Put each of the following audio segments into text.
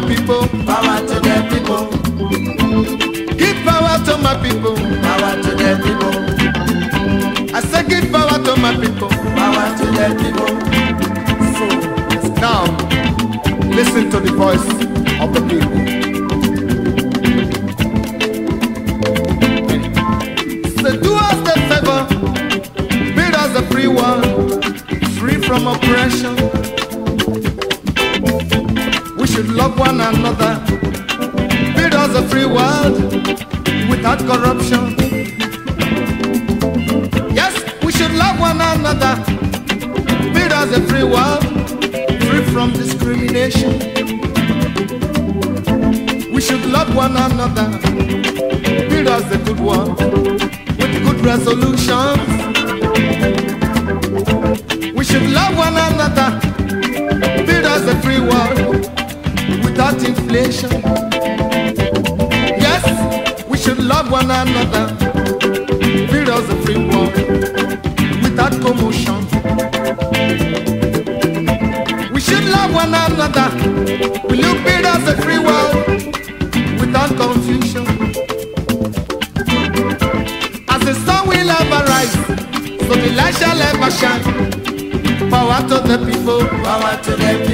my people. Power to the people. Give power to my people. Power to the people. I say give power to my people. Power to the people. So now, listen to the voice of the people. So do us the favor, build us a free world, free from oppression. love one another, build us a free world without corruption. Yes, we should love one another, build us a free world free from discrimination. We should love one another, build us a good world with good resolutions. We should love one another, build us a free world. population. Yes, we should love one another. Build us a free world without commotion. We should love one another. Will you build us a free world without confusion? As the sun will ever rise, so the light shall ever shine. Power to the people. Power to the people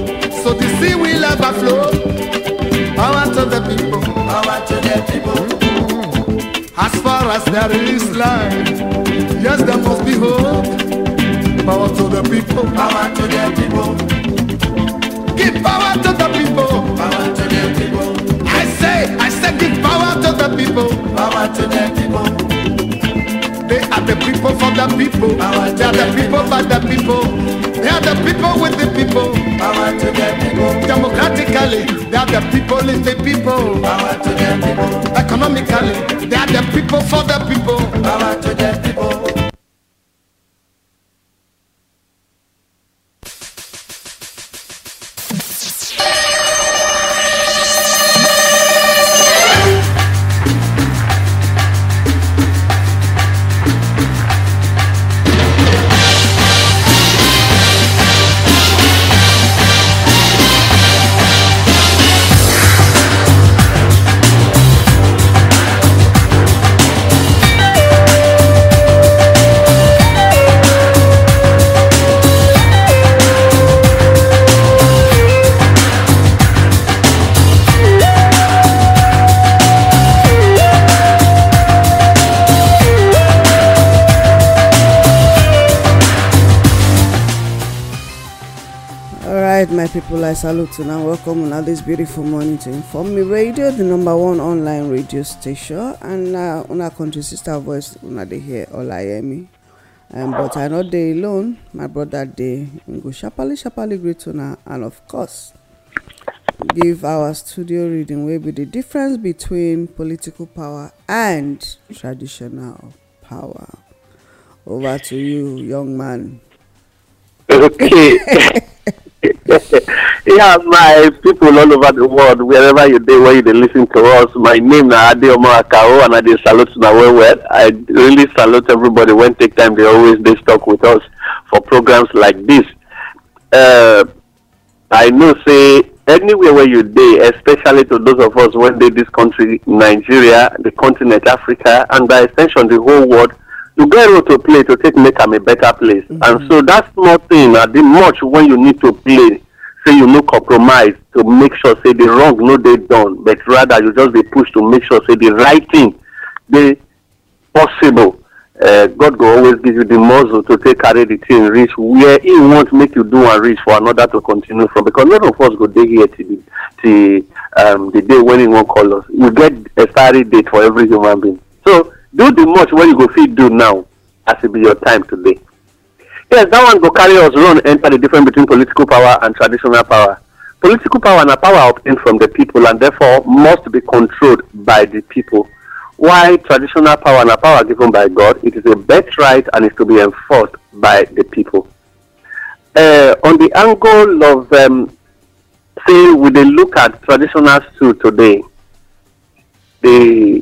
There is life. Yes, there must be hope. Power to the people. Power to the people. Give power to the people. Power to the people. I say, I say, give power to the people. Power to the people. are the people for the people. they are the people by the people. They are the people with the people. Power to the people. Democratically, they are the people in the people. Power to the people. Economically, they are the people for the people. Power to the people. salute and welcome on this beautiful morning to Inform Me Radio, the number one online radio station. And uh, on our country sister voice, una dey hear Olayemi. Um, but I no dey alone, my brother dey go sharply, sharply greet una, and of course, give our studio reading wey be the difference between political power and traditional power. Over to you, young man. Okay. Yeah, my people all over the world, wherever you dey, where you dey listen to us, my name na Adeomo Akao, and I dey salute una well well. I really salute everybody when take time dey always dey stuck with us for programs like this. Uh, I know say anywhere where you dey, especially to those of us when dey this country, Nigeria, the continent, Africa, and by extension the whole world, you get role to play to take make am a better place. Mm-hmm. And so that small thing na the much when you need to play say you no compromise to make sure say the wrong no dey done but rather you just dey push to make sure say the right thing dey possible uh, god go always give you the muscle to take carry the thing reach where he want make you do and reach for another to continue from because none of us go dey here till the till um, the day when he wan call us you get expiry date for every human being so do the much wey you go fit do now as e be your time today. Yes, that one go carry us run enter the difference between political power and traditional power. Political power and power obtained from the people and therefore must be controlled by the people. Why traditional power and power given by God, it is a birthright and is to be enforced by the people. Uh, on the angle of, um, say, with a look at traditional stew today, the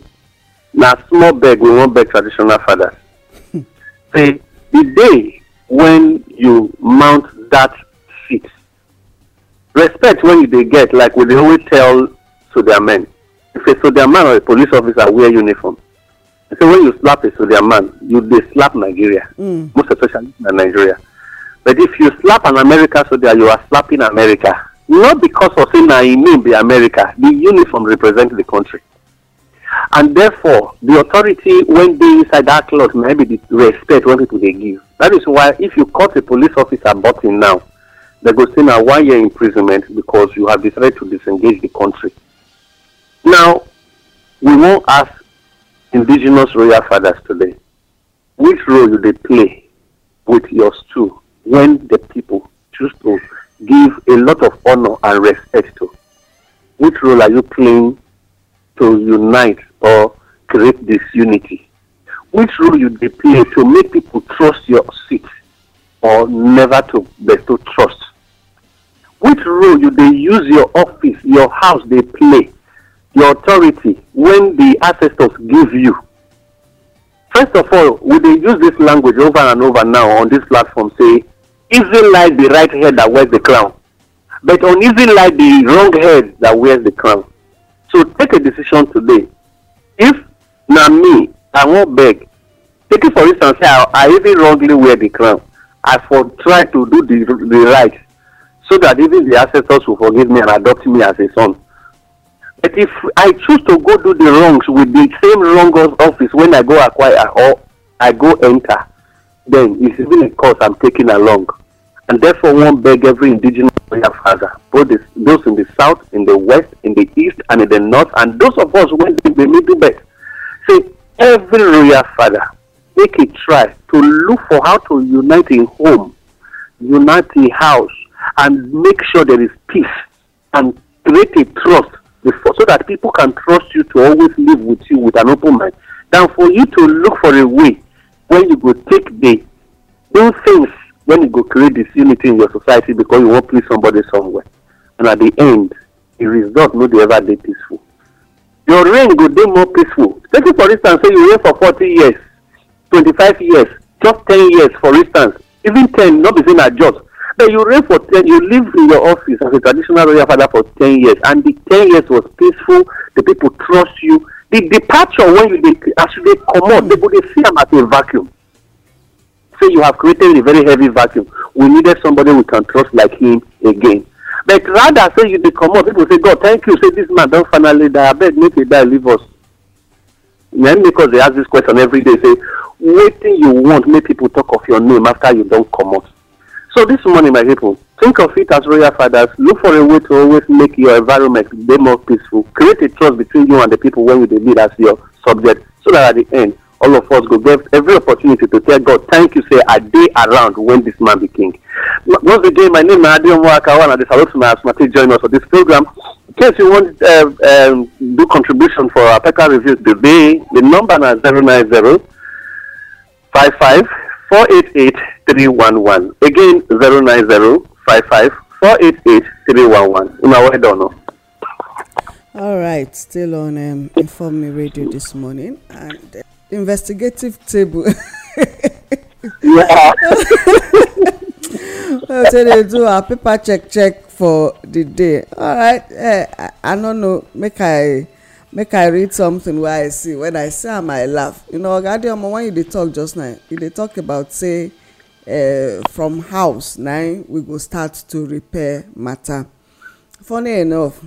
now small beg we won't beg traditional fathers. say, the day when you mount that seat respect When you get like we they always tell their men if a soldier man or a police officer wear uniform they say when you slap a soldier man you they slap nigeria mm. most especially na nigeria but if you slap an american soldier you are slapping america not because of say I mean name be america the uniform represent the country And therefore, the authority when they inside that cloth may be the respect when people they give. That is why if you cut a police officer button now, they go say now one year imprisonment because you have decided to disengage the country. Now, we won't ask indigenous royal fathers today which role they play with your stool when the people choose to give a lot of honor and respect to? Which role are you playing to unite or create disunity? Which role you they play to make people trust your seat or never to bestow trust? Which role you they use your office, your house they play, your authority when the ancestors give you? First of all, would they use this language over and over now on this platform say, easy like the right head that wears the crown. But on easy like the wrong head that wears the crown. So take a decision today. If na me, I won't beg. Take it for instance, I, I even wrongly wear the crown. I for try to do the, the right so that even the ancestors will forgive me and adopt me as a son. But if I choose to go do the wrongs with the same wrong office when I go acquire or I go enter, then it's even a course I'm taking along. And therefore, one beg every indigenous prayer father, both this, those in the south, in the west, in the east, and in the north, and those of us who went in the middle belt. Say, every royal father, make a try to look for how to unite in home, unite in house, and make sure there is peace and create a trust before, so that people can trust you to always live with you with an open mind. Than for you to look for a way where you go take the do things when you go create this unity in your society because you wan please somebody somewhere and at the end the result no dey ever dey peaceful your reign go dey more peaceful take it for instance say you reign for forty years twenty-five years just ten years for instance even ten no be say na just but you reign for ten you live in your office as a traditional royal father for ten years and the ten years was peaceful the people trust you the departure when you dey as you dey comot they go dey see am as a vacuum say you have created a very heavy vacuum we needed somebody we can trust like him again but rather say you dey comot people say god thank you say this man don finally die abeg make he die leave us na him make us dey ask this question every day say wetin you want make people talk of your name after you don comot so this morning my people think of it as royal fathers look for a way to always make your environment dey more peaceful create a trust between you and the people wey you dey lead as your subject so that at the end all of us go get every opportunity to tell God, thank you, say, I day around when this man be king. Once again, my name is Adiom Wakawan, and salute my asthmatic join us for this program. In case you want uh, um, do contribution for our PECA review today, the number is 090 55 488 311. Again, 090 55 488 311. Una, well done. Oh. All right, still on um, Inform Me Radio this morning. and. Uh, investigative table. yeah. well, so they do A paper check check for the day. All right. Eh, I, I don't know. Make I make I read something where I see. When I see I might laugh. You know, Oga when you talk just now, you dey talk about say uh, from house na we go start to repair matter. Funny enough,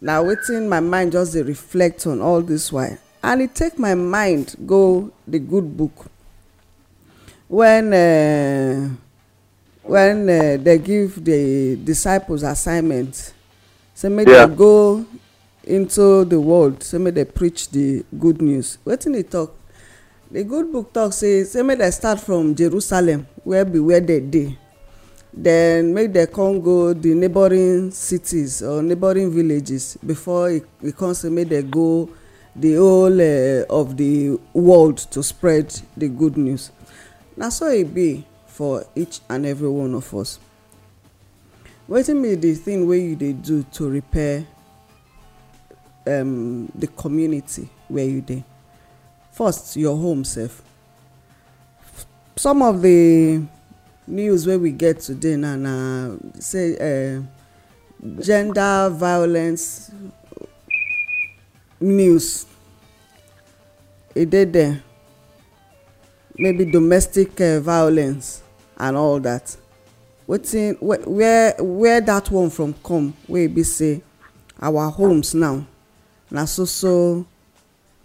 Now, wetin my mind just to reflect on all this while and it take my mind go the good book when uh, when uh, they give the disciples assignment say make yeah. dem go into the world say make they preach the good news wetin e talk the good book talk say say make they start from jerusalem where be where they dey then make they come go the neighboring cities or neighboring villages before e, e come say make they go the whole eh, of the world to spread the good news na so e be for each and every one of us wetin be the thing wey you dey do to repair um, the community where you dey first your home sef some of the news wey we get today na na say uh, gender violence news e dey there maybe domestic eh, violence and all that wetin where where that one from come wey e be say our homes now na so so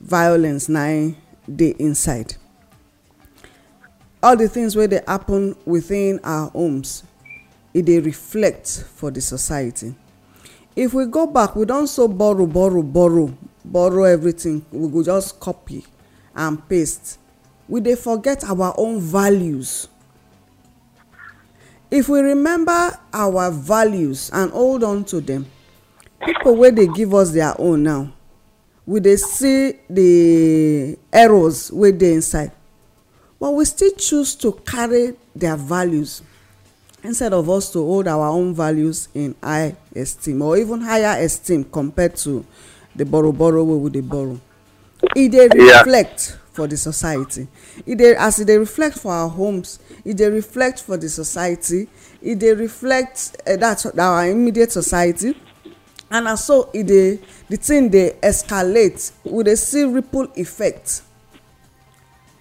violence na im e dey inside all the things wey dey happen within our homes e dey reflect for the society if we go back we don so borrow borrow borrow borrow everything we go just copy and paste we dey forget our own values if we remember our values and hold on to them people wey dey give us their own now we dey see the errors wey dey inside but we still choose to carry their values instead of us to hold our own values in high esteem or even higher esteem compared to dey borrow borrow wey we dey borrow e dey reflect for di society as e dey reflect for our homes e dey reflect for di society e dey reflect eh, that our immediate society and na so e dey the thing dey escalate we dey see ripple effect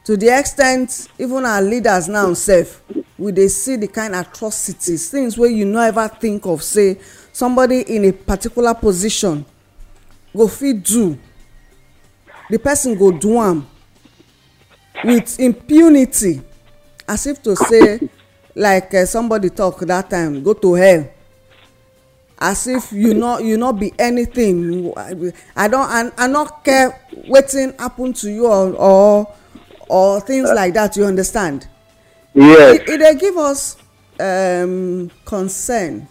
to the extent even our leaders now sef we dey see the kind atrocities things wey you no ever think of say somebody in a particular position go fit do the person go do am with impunity as if to say like uh, somebody talk that time go to hell as if you no you no be anything i don i i no care wetin happen to you or or or things like that you understand. yes e dey give us um, concern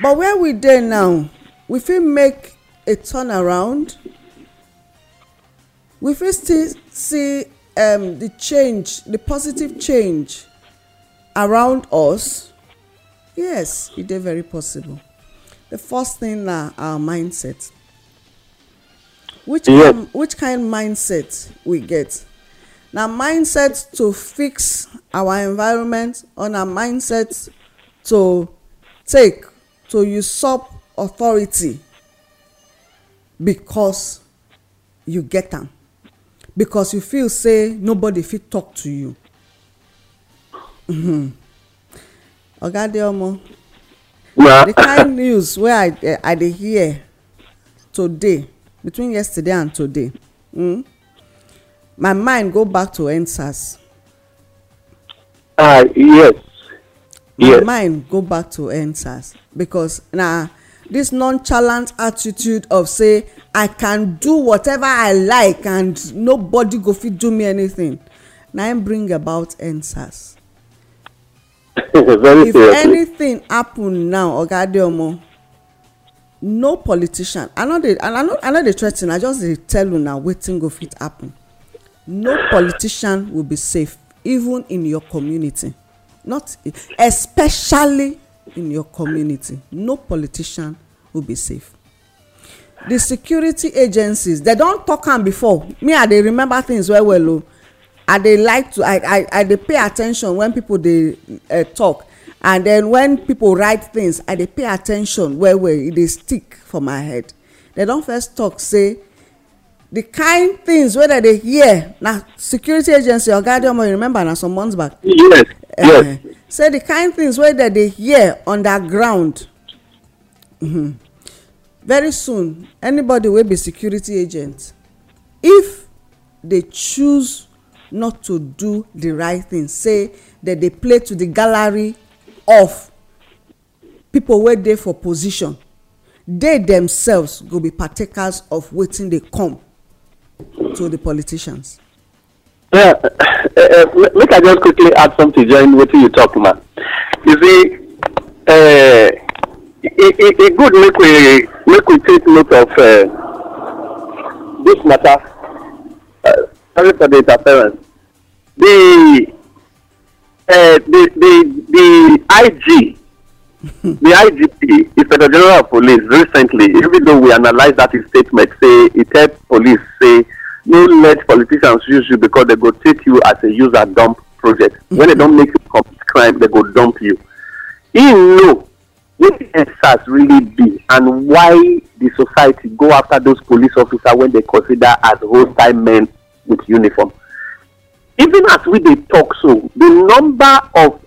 but where we dey now we fit make a turnaround we fit still see um, the change the positive change around us yes it is very possible the first thing na our mindset which kind which kind mindset we get Now, mindset to fix our environment or our mindset to take to usurp authority because you get am because you feel say nobody fit talk to you mm-hmm. oga adeomo the kind news wey i eh, i dey hear today between yesterday and today mm, my mind go back to endsars. ah uh, yes my mind go back to endsars because na this nonchalant attitude of say i can do whatever i like and nobody go fit do me anything na im bring about answers. if anything happen now oga adeomo no politician i no dey i no dey threa ten i just dey tell una wetin go fit happen no politician will be safe even in your community not especially in your community. No politician will be safe. The security agencies, they don talk am before. Me, I dey remember things well well o. Oh. I dey like to, I I I dey pay at ten tion when people dey uh, talk and then when people write things, I dey pay at ten tion well well. E dey stick for my head. They don first talk say the kind things wey dem dey hear na security agency oga adeomo you remember na some months back. yes uh, yes eh, say the kind things wey dem dey hear underground mm-hmm. very soon anybody wey be security agent if dey choose not to do the right thing say dem dey play to the gallery of people wey dey for position they themselves go be partakers of wetin dey come to the politicians Yeah, uh, uh, make I just quickly add something join what you talk, man. You see, uh, it, it, it good make we make we take note of uh, this matter. Uh, for the interference. The uh, the the the IG. the IGP, Inspector General of Police, recently, even though we analyzed that his statement, say he tell police say no let politicians use you because they go take you as a user dump project mm-hmm. when they mm-hmm. don't make you commit crime they go dump you he know wetin endsars really be and why the society go after those police officers when they consider as hostile men with uniform even as we they talk so the number of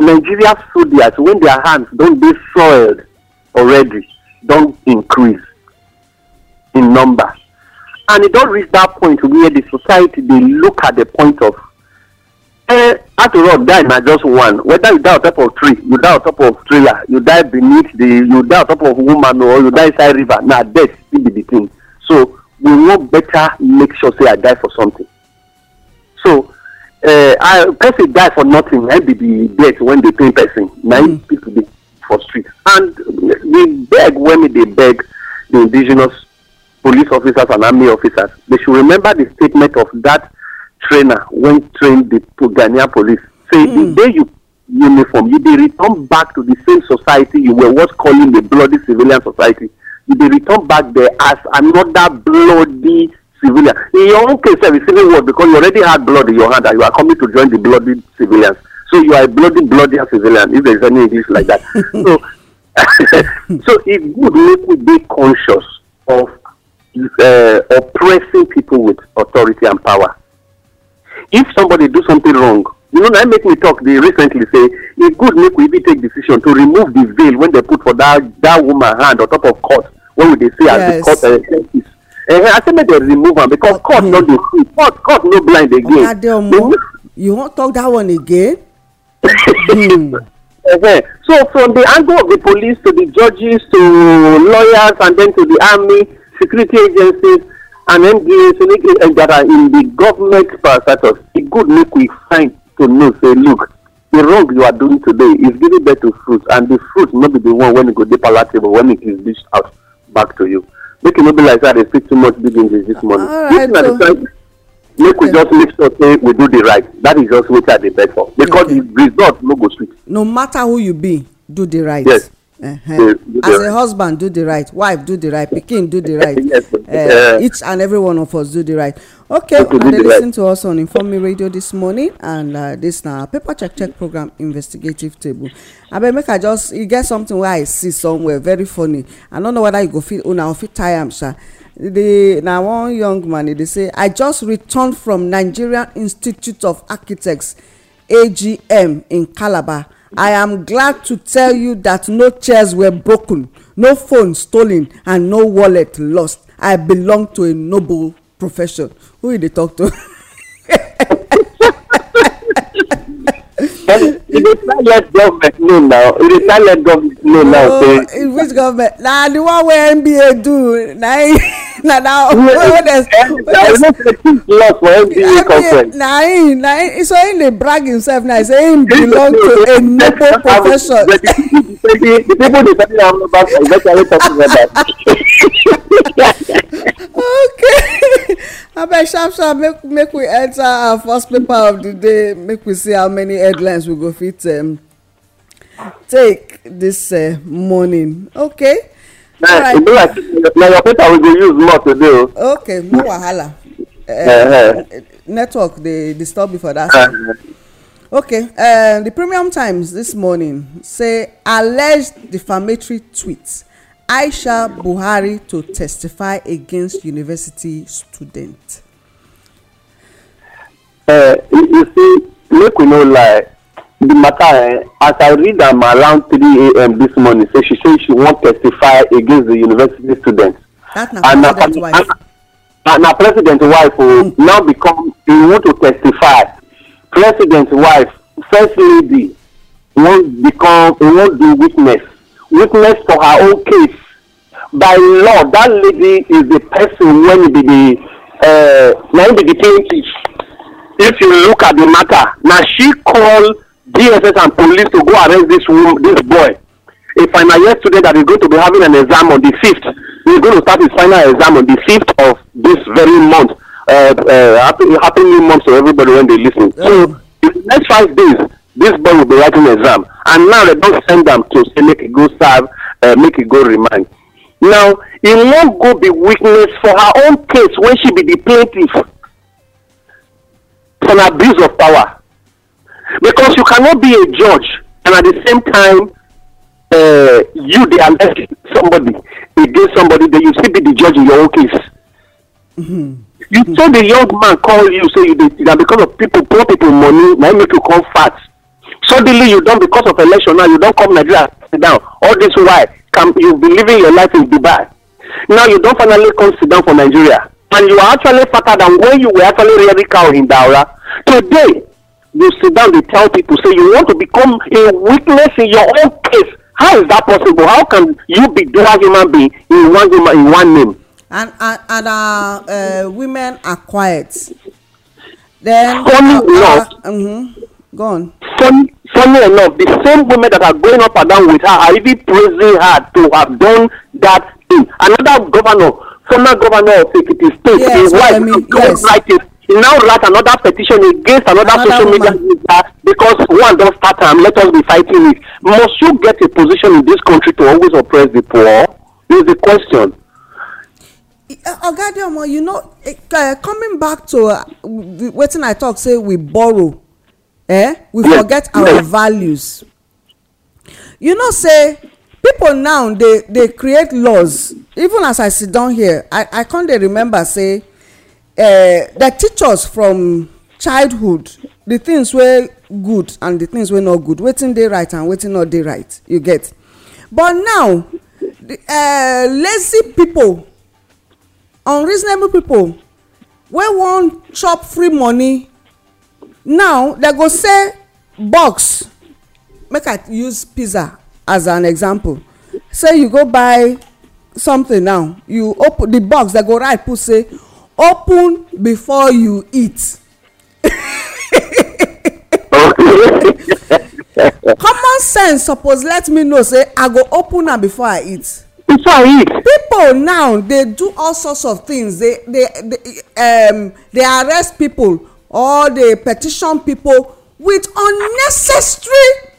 nigeria soldiers when their hands don't be soiled already don't increase in number and it don reach that point where the society dey look at the point of eh after all die na just one whether you die on top of tree you die on top of trailer you die beneath the you die on top of woman or you die inside river na death still be the thing so we wan better make sure say i die for something so uh, i person die for nothing na eh, be the death when dey pain person na mm. people dey for street and the beg when we dey beg the indigenous police officers and army officers, they should remember the statement of that trainer when trained the Ghanaian police. Say mm. the hmm. day you uniform, you they return back to the same society you were what's calling a bloody civilian society. You they return back there as another bloody civilian. In your own case, a civil war because you already had blood in your hand and you are coming to join the bloody civilians. So you are a bloody, bloody civilian, if there is any English like that. so, so it's e good make we be conscious of uh, oppressing people with authority and power. If somebody do something wrong, you know, I make me talk. They recently say it good make we take decision to remove the veil when they put for that that woman hand on top of court. What would they say yes. as the court uh, is? Uh, I said make they remove am because okay. court not dey see court court no blind again. Adeomo you won't talk that one again. Okay. Hmm. So from the angle of the police to the judges to lawyers and then to the army security agencies and nda so make e gather in the government parastatus e good make we find to know say look the wrong you are doing today is giving birth to fruit and the fruit no be the one when wey go dey palatable when it is reached out back to you make e no be like say i dey speak too much big english this morning this na the time make we just make sure say we do the right that is just wetin i dey beg for because the result no go sweet. no matter who you be do the right. yes Uh-huh. as a husband do the right wife do the right pikin do the right uh, each and every one of us do the right okay and dey listen to us on inform radio this morning and uh, this na paper check check program investigative table abeg make i just e get something wey i see somewhere very funny i no know whether you go fit una or fit tie am sha na one young man e dey say i just returned from nigerian institute of architects agm in calabar I am glad to tell you that no chairs were broken, no phone stolen, and no wallet lost. I belong to a noble profession. Who you dey talk to? you dey try let government know now you dey try let government know now say. Oh, which government na the one wey nba do na na na oldest. na him na him so him dey brag himself now say him belong to a noble profession. the people dey tell me i'm not bad for eventually talking about. okay abeg sharp sharp make make we enter our first paper of the day make we see how many headlines we go fit um, take this uh, morning okay. Eh, right. be like na your paper we go use more today o. okay no wahala. Uh, network dey disturb me for that time. okay uh, the premium times this morning say alleged defamatory tweets aisha buhari to testify against university student. Uh, you see make we no lie the matter eh, as i read am around three a.m this morning say she say she wan testify against the university students and na president wife and na president wife o hmm. now become e want to testify president wife first lady wan become e wan do witness witness for her own case by law that lady is the person when be the uh, eh, na be the plaintiff if you look at the matter na she call DSS and police to go arrest this woman, this boy, a final year student that is going to be having an exam on the fifth. th He's going to start his final exam on the fifth of this very month. Uh, uh, happy, new month to everybody when they listen. Yeah. So, in the next five days, this boy will be writing exam. And now they don't send them to say, make it go serve, uh, make it go remand. Now, he won't go be witness for her own case when she be the plaintiff for an abuse of power. Because you cannot be a judge and at the same time uh, you dey arrest somebody against somebody then you still be the judge in your own case. Mm-hmm. You mm tell the young man call you say you dey na because of people poor people money na make you come fat. Suddenly you don because of election now you don come Nigeria sit down all this while can you be living your life in Dubai now you don finally come sit down for Nigeria and you are actually fatter than when you were actually rearing cow in Daura today you sit down dey tell people say you want to become a witness in your own case how is that possible how can you be dual human being in one human in one name. and and, our uh, women are quiet. then funny uh, enough uh, mm-hmm. go on. Funny, funny enough the same women that are going up and down with her are even praising her to have done that thing another governor former governor of ekiti state yes, his wife yes. go write now write another petition against another, another social media user because one don start am let us be fighting it must you get a position in this country to always oppress the poor is the question. Eh, oga adeomo you know uh, coming back to uh, wetin i talk say we borrow eh we yeah. forget our yeah. values you know say people now dey dey create laws even as i sit down here i i come dey remember say Eh, the teachers from childhood the things wey good and the things wey not good wetin dey right and wetin not dey right you get but now the uh, lazy people unreasonable people wey wan chop free money now they go say box make i use pizza as an example say you go buy something now you open the box They go write put say open before you eat common sense suppose let me know say i go open am before i eat before i eat people now dey do all sorts of things they they they, um, they arrest people or they petition people with unnecessary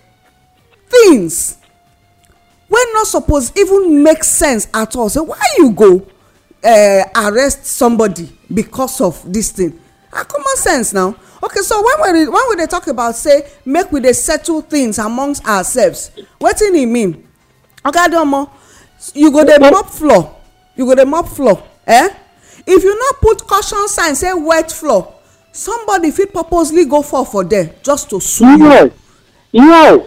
things wey no suppose even make sense at all say why you go Uh, arrest somebody because of this thing na ah, common sense now okay so when we dey talk about say make we dey settle things amongst ourselves wetin e mean oga adeomo you go dey mop floor you go dey mop floor eh if you no put caution sign say wet floor somebody fit purposely go fall for there just to sue you yes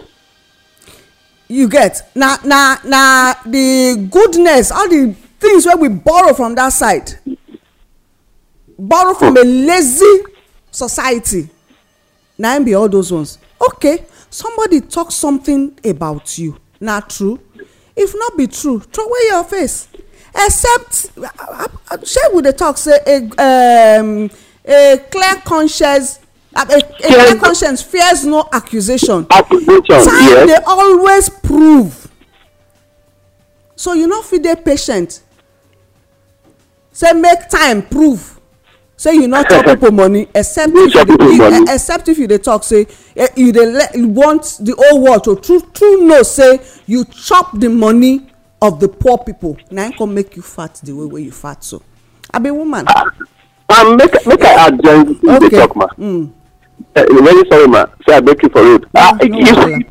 you get na na na the goodness all the things wey we borrow from that side borrow from a lazy society na im be all those ones okay somebody talk something about you na true if not be true throw away your face except shey we dey talk say a um, a clear conscience a, a, a clear conscience fears no accusation accusation time yes. dey always prove so you no fit dey patient say make time prove say you not talk pipo money except if you dey except if you dey talk say eh, you dey want the whole world to true true know say you chop the money of the poor people. na im come make you fat the way wey you fat so i be woman um, make make i add join you dey talk ma mm. eh, very sorry ma say i break you for road ah, you see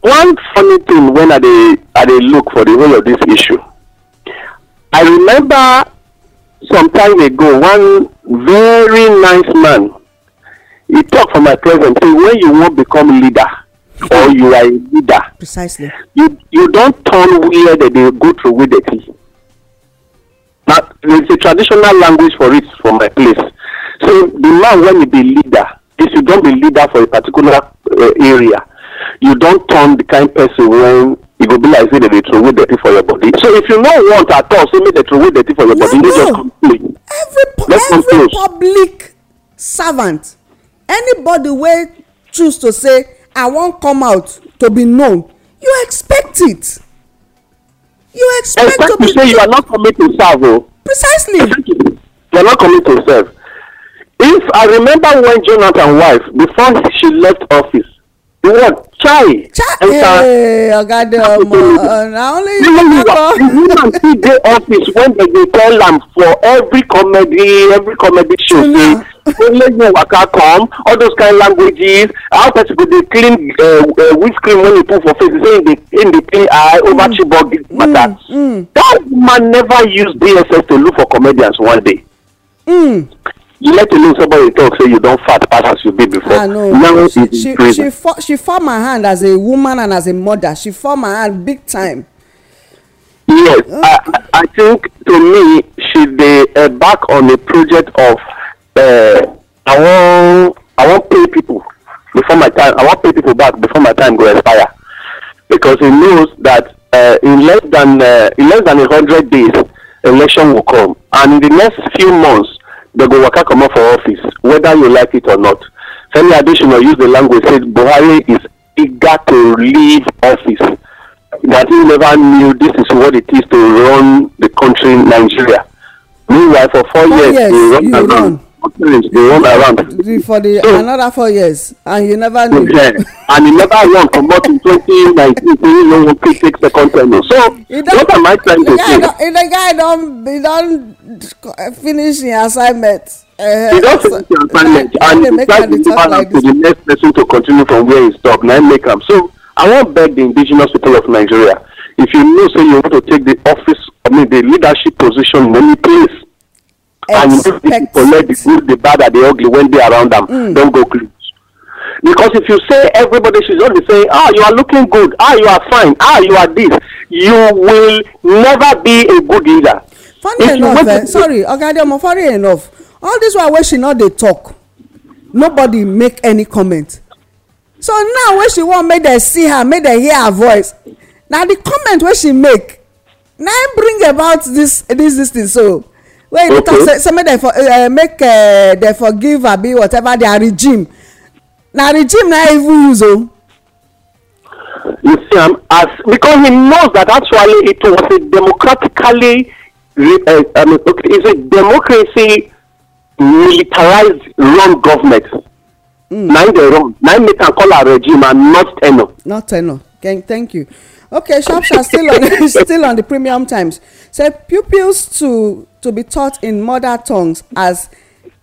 one funny thing when i dey look for the whole of this issue i remember some time ago one very nice man he talk for my presence say when you wan become leader or hmm. you are a leader precisely you you don turn where they dey go through with the tea na there is a traditional language for it for my place so the man when he be leader if you don be leader for a particular uh, area you don turn the kind person when e go be like say dem dey throway dirty for your body so if you no want at all say make dem throway dirty for your body no just complain let's every every public servant anybody wey choose to say i wan come out to be known you expect it you expect, expect to be expect to say you are not commit to serve o oh. precisely you are not commit to serve if i remember when jonathan wife before she left office word chai. chai oga eh, de omo na only you know ko. the woman fit dey office when dem dey tell am for every comedy every comedy show say only you waka come all those kind languages how person go dey clean uh, uh, windscreen when you put for face say him dey him dey clean eye mm. over chibok matter. Mm, mm. that woman never use dss to look for comedians one day. Mm let alone somebody talk say you don fat pass as you be before. i ah, know now she she she fall she fall my hand as a woman and as a mother she fall my hand big time. yes okay. i i think to me she dey uh, back on a project of uh, i wan i wan pay people before my time i wan pay people back before my time go expire because he knows that uh, in less than uh, in less than a hundred days election will come and in the next few months they go waka comot for office whether you like it or not Femi Adesina use the language say Buhari is eager to leave office that he never knew this is what it is to run the country Nigeria meanwhile for four, four years, years he run around finish dey run around. for the so, another four years and you never know. Yeah, and he never run more than twenty nineteen say he no wan fit take second term so what am I trying to say. If the guy don he don finish him assignment. Uh, he don finish him assignment and he decide to give am to the next person to continue from where he stop na him make am so i wan beg the indigenous people of nigeria if you know say you want to take the office i mean the leadership position in any place Expect. And you collect the good, the bad, and the ugly when they around them. Mm. Don't go close. Because if you say everybody should only saying, ah, you are looking good, ah, you are fine, ah, you are this, you will never be a good leader. Funny if enough, eh, sorry, Ogadeomo, funny enough, all this while wey she no dey talk, nobody make any comment. So now wey she wan make dem see her, make dem hear her voice, na the comment wey she make na bring about this this this thing so wey you dey talk say uh, make dem uh, for make dem forgive abi whatever their regime na regime na even use o. Oh. you see am um, as because he knows that actually it was a democratically uh, I mean, it's a democracy militarized run government. Mm. na im dey run na im make am call am regime and not tenor. not tenor okay, thank you okay sharp sharp still on still on the premium times say pupils to to be taught in mother tongues as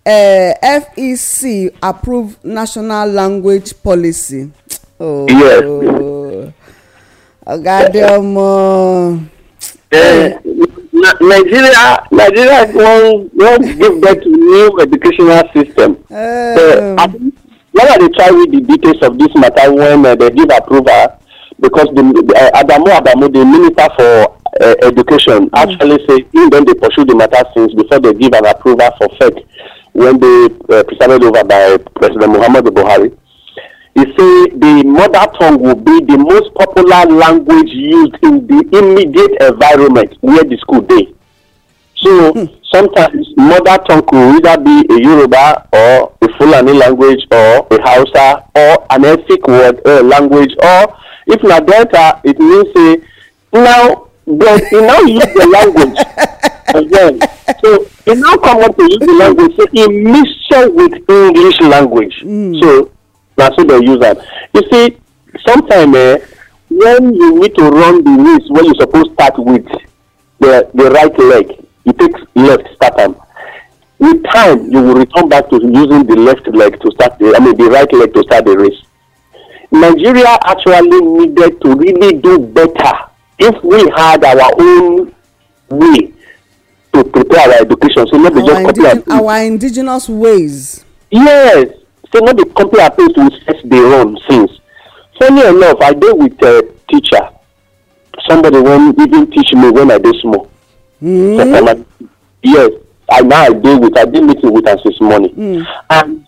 uh, eh, fec approved national language policy. Oh. yes. ọ̀gá dé ọmọ. Eh, Nigeria Nigeria won won give birth to new educational system. Um. Uh, uh, when I dey try read the details of this matter when uh, they give approval because the, the Adamu Adamu the minister for uh, education mm. actually say im don dey pursue the matter since before they give an approval for fec when they uh, presided over by president muhammadu buhari e say the mother tongue will be the most popular language used in the immediate environment where the school dey so mm. sometimes mother tongue could either be a yoruba or a fulani language or a hausa or an ethnic word uh, language or if na delta it mean say now but he now use the language again. So he now come up to use the language. So he mixture with English language. Mm. So that's what they use that. You see, sometimes eh, when you need to run the race, when you supposed start with the the right leg, you take left start am. With time, you will return back to using the left leg to start the. I mean, the right leg to start the race. Nigeria actually needed to really do better if we had our own way to prepare our education so no be just copy our paste. our indigenous ways. yes so no be copy and paste we set dey run since funny enough i dey with uh, teacher somebody wan even teach me when i dey small. Mm. So, yes i now i dey with i dey meeting with am since morning. Mm. and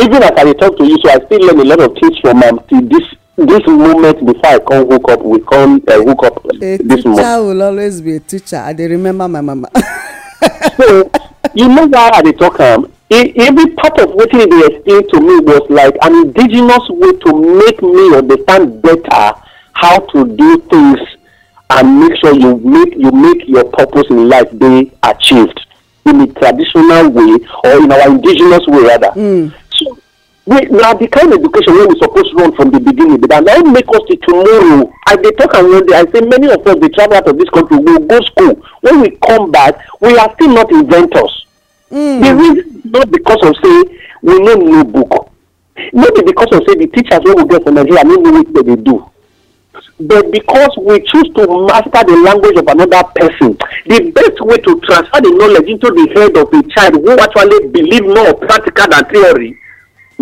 even as i dey talk to you so i still learn a lot of things from am till this this moment before i come hook up we come uh, hook up a this month. a teacher will always be a teacher i dey remember my mama. so you know why i dey talk am um, every part of wetin he dey explain to me was like an indigenous way to make me understand better how to do things and make sure you make you make your purpose in life dey achieved in a traditional way or in our indigenous way rather. Mm we na the kind of education wey we suppose run from the beginning be that na im make us till tomorrow i dey talk am one day i say many of us dey travel out of this country we go school when we come back we are still not inventors. Mm. the reason not because of say we no know book maybe because of say the teachers wey we get for nigeria no know wetin dem dey do but because we choose to master the language of another person the best way to transfer the knowledge into the head of a child who actually believe more practical than theory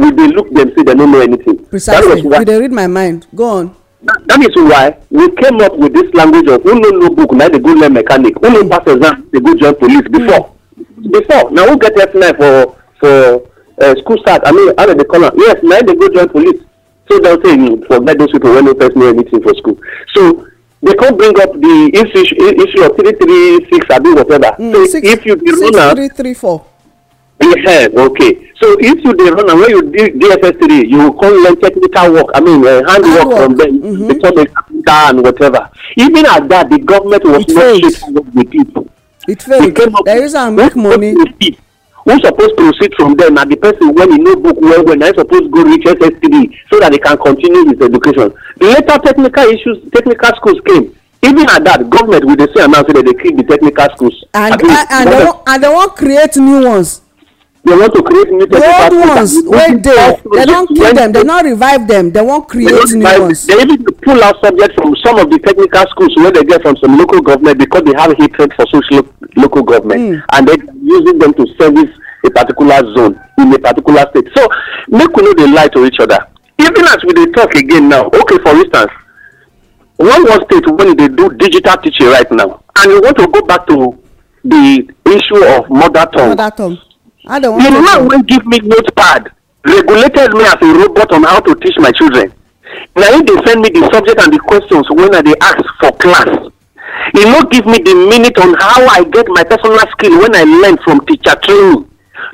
we dey look dem say dem no know anything. precisely you dey read my mind go on. That, that is why we came up with this language of who no know book na dey go learn mechanic who no pass exam dey go join police before mm. before na who get f9 for for uh, school start i mean how dem dey call am yes na dey go join police so don say you forget those people wey no first know anything for school so they come bring up the issue issue of three three six abi whatever. Mm, so six, if you be runner six three three four. You have, okay. So if you dey run am when you do DSS three, you go come learn technical work, I mean uh, hand work from them, mm-hmm. become a carpenter and whatever. Even at that, the government was it not straightforward with people. It failed. There is a uh, make money. who suppose proceed from there na the person wey e no book well well na him suppose go reach ssd so that he can continue his education The later technical issues technical schools came even at that government we dey say am now say dem dey keep the technical schools. and and, and, uh, and they wan create new ones they want to create new technical the old ones wey dey dem don kill dem dem don revive dem dem wan create new ones. they even pull out subjects from some of the technical schools wey dey get from some local government because they have hatred for social local government mm. and they using them to service a particular zone in a particular state so make we no dey lie to each other even as we dey talk again now okay for instance one one state when they do digital teaching right now and we want to go back to the issue of mother tongue. Mother tongue. I don't the man wey give me notepad regulated me as a robot on how to teach my children Now him dey send me the subject and the questions when they ask for class He not give me the minute on how i get my personal skill when i learn from teacher training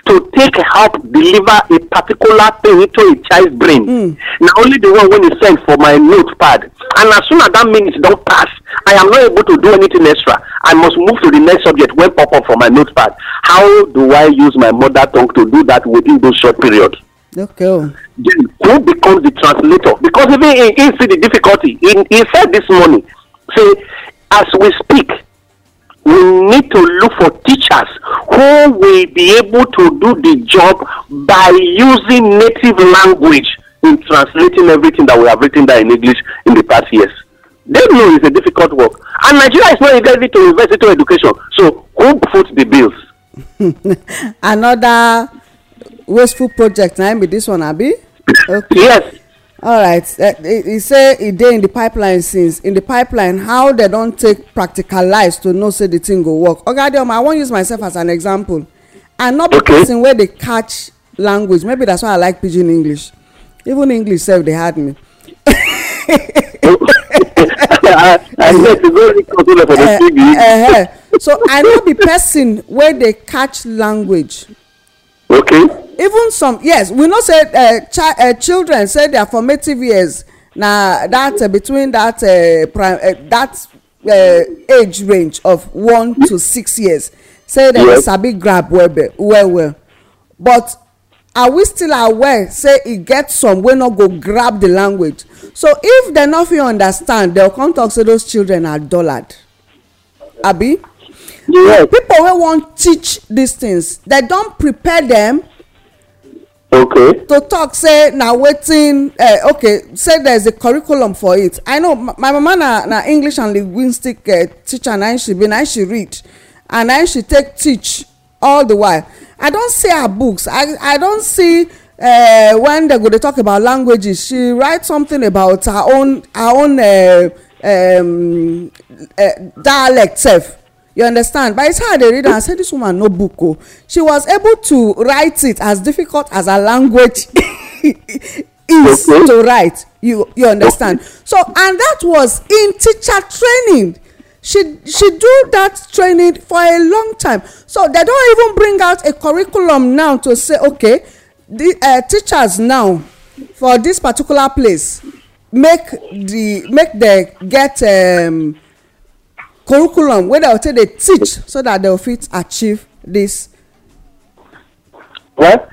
to take help deliver a particular thing into a child's brain. Mm. Now only the one when you send for my notepad. And as soon as that minute don't pass, I am not able to do anything extra. I must move to the next subject when pop up for my notepad. How do I use my mother tongue to do that within those short periods? Okay. Oh. Then who becomes the translator? Because even he, he see the difficulty. He, he said this morning, say, as we speak, we need to look for teachers who will be able to do the job by using native language in translating everything that we have written down in English in the past years. They know it's a difficult work. And Nigeria is not ready to invest into education. So who puts the bills? Another wasteful project, I be this one, Abi? Okay. yes all right e say e dey in the pipeline since in the pipeline how dem don take practicalize to know say the thing go work oga adeoma i wan use myself as an example and not be person wey dey catch language maybe that's why i like pidgin english even english sef dey hard me i get to the eh, eh? Eh, so i no be person wey dey catch language okay. even some yes we know say uh, chi uh, children say their formative years na that uh, between that uh, prime uh, that uh, age range of one to six years say dem yes. sabi grab well well well but are we still aware say e get some wey no go grab the language so if dem no fit understand dem come talk say those children are dullard abi yes. people wey wan teach these things dem don prepare dem okay to talk say na wetin uh, eh, okay say there is a curriculum for it i know my mama na na english and linguistic uh, teacher na she be na she read and na she take teach all the while i don see her books i i don see uh, when they go They talk about languages she write something about her own her own uh, um, uh, dialect self you understand by the time i dey read am i say this woman no book o oh. she was able to write it as difficult as her language is okay. to write you you understand so and that was in teacher training she she do that training for a long time so they don even bring out a curriculum now to say okay the uh, teachers now for this particular place make the make they get um, curriculum wey dem take dey teach so that dem fit achieve this what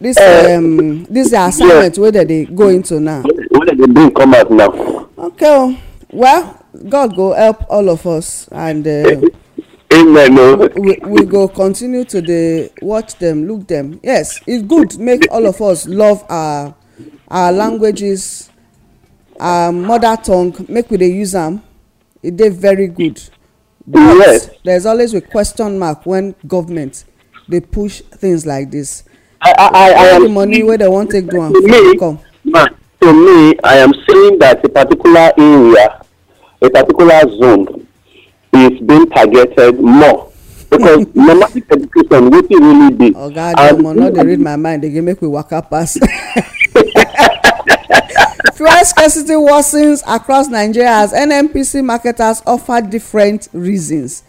this eh, um this their assignment wey dem dey go into now wey dem dey bring come out now okay o oh, well god go help all of us and uh, amen o oh. we we go continue to dey watch dem look dem yes e good make all of us love our our languages our mother tongue make we dey use am It dey very good but yes. there's always a question mark when government dey push things like this I, I, I, I am the money wey dem wan take do am me, come. Ma, to me I am saying that a particular area a particular zone is being targeted more because nomadic education wetin really be. oga adeomo no dey read my mind again make we waka pass. Fuel scarcity worsens across Nigeria as NNPC marketers offer different reasons.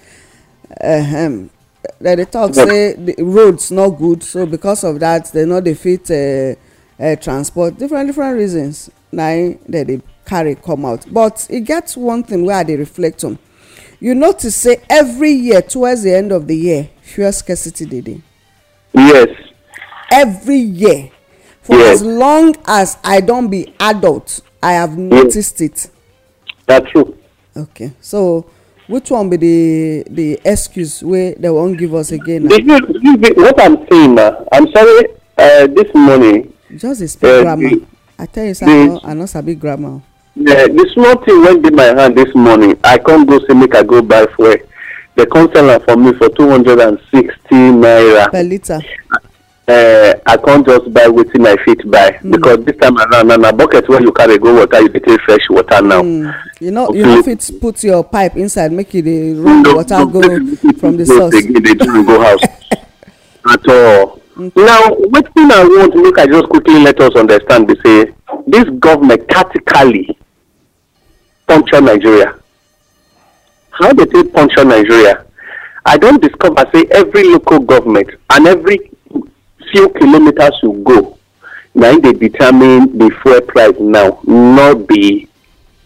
Uh -huh. Dem dey talk say the roads no good so because of that they no dey fit uh, uh, transport different different reasons na im dem dey carry come out but e get one thing wey I dey reflect on. You notice say every year towards the end of the year fuel scarcity dey dey. Yes. Every year for yes. as long as i don be adult i have noticed yes. it na true okay so which one be the the excuse wey dem wan give us again na. you be what i'm saying na i'm sorry uh, this morning. just dey speak uh, grammar the, i tell you say i no i no sabi grammar. Yeah, the small thing wey dey my hand this morning i come go say make i go buy fuel dey come sell am for me for two hundred and sixty naira. per litre uh, i can't just buy wetin i fit buy mm. because this time around na na bucket wey you carry go water you dey take fresh water now. Mm. you no you no fit put your pipe inside make you dey run no, water no, go from the source. no dey do go house at all. Okay. now wetin i want make i just quickly let us understand be say this government tactically puncture nigeria how dey take puncture nigeria i don discover say every local government and every few kilometers you go now they determine the fuel price now not the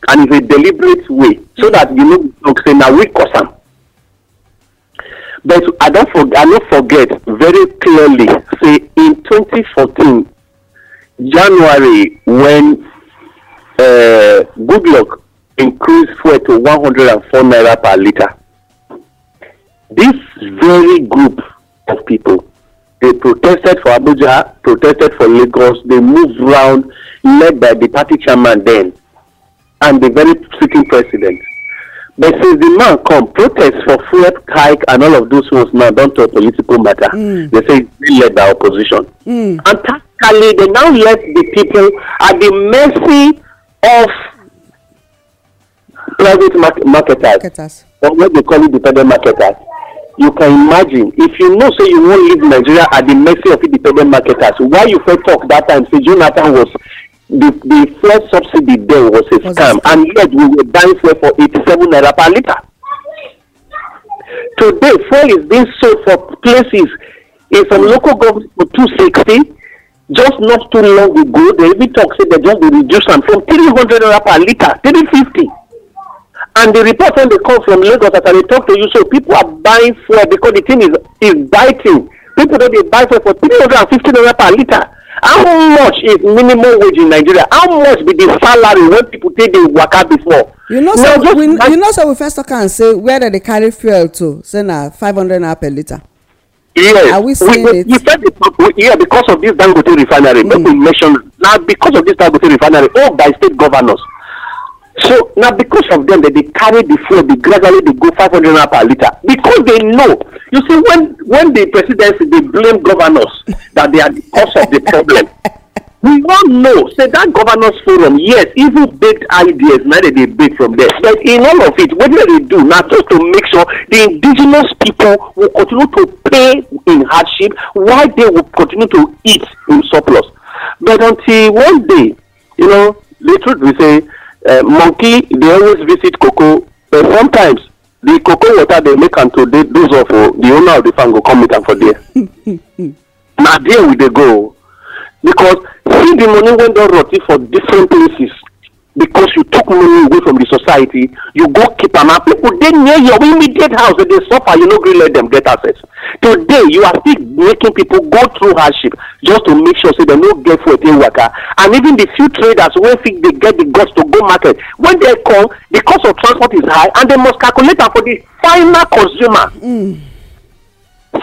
and it's a deliberate way so that you no go talk say na we cause am but i don't forget i no forget very clearly say in 2014 january when uh, goodluck increased fuel to 104 naira per liter. this very group of people They protested for Abuja, protested for Lagos. They moved round, led by the party chairman then, and the very seeking president. But since the man come, protest for Fuep, Kike, and all of those ones now down to political matter. Mm. They say it's led by opposition. Mm. And tactically, they now let the people at the mercy of private marketers, marketers, or what they call it dependent marketers you can imagine if you know say you wan leave nigeria at the mercy of independent marketers why you first talk that time say jonathan was the the fuel subsidy there was a was scam and yet we were buying fuel for eighty-seven naira per litre today fuel is being sold for places in some local government for two sixty just not too long ago they even talk say they just dey reduce am from three hundred naira per litre three fifty and the report when they come from Lagos as I talk to you, so people are buying fuel because the thing is is biting. People don't they buy fuel for three hundred and fifty naira per liter. How much is minimum wage in Nigeria? How much be the salary when people take the waka before? You know, so no, we, you know, so we first talk and say where did they carry fuel to? Say now five hundred naira per liter. Yes, are we seeing we, it? You said it, yeah, because of this Dangote refinery. Mm. But we mentioned now because of this Dangote refinery, all by state governors. So now because of them that they carry the fuel, they gradually they go five hundred naira per liter because they know. You see, when when the presidency they blame governors that they are the cause of the problem. we all know say that governors forum yes even baked ideas na dey dey bake from there but in all of it wetin dem dey do na just to make sure the indigenous people will continue to pay in hardship while they will continue to eat in surplus but until one day you know the truth be say uh, monkey dey always visit cocoa but sometimes the cocoa water dey make am to dey doze off o the owner of the farm go come meet am for there na there we dey go because see the money wey don rot ten for different places because you took money away from the society you go keep am and people dey near your immediate house dey dey suffer you no gree let dem get access today you are still making people go through hardship just to make sure say dem no get food take waka and even the few traders wey fit dey get the guts to go market when dem come the cost of transport is high and dem must calculate am for the final consumer. Mm.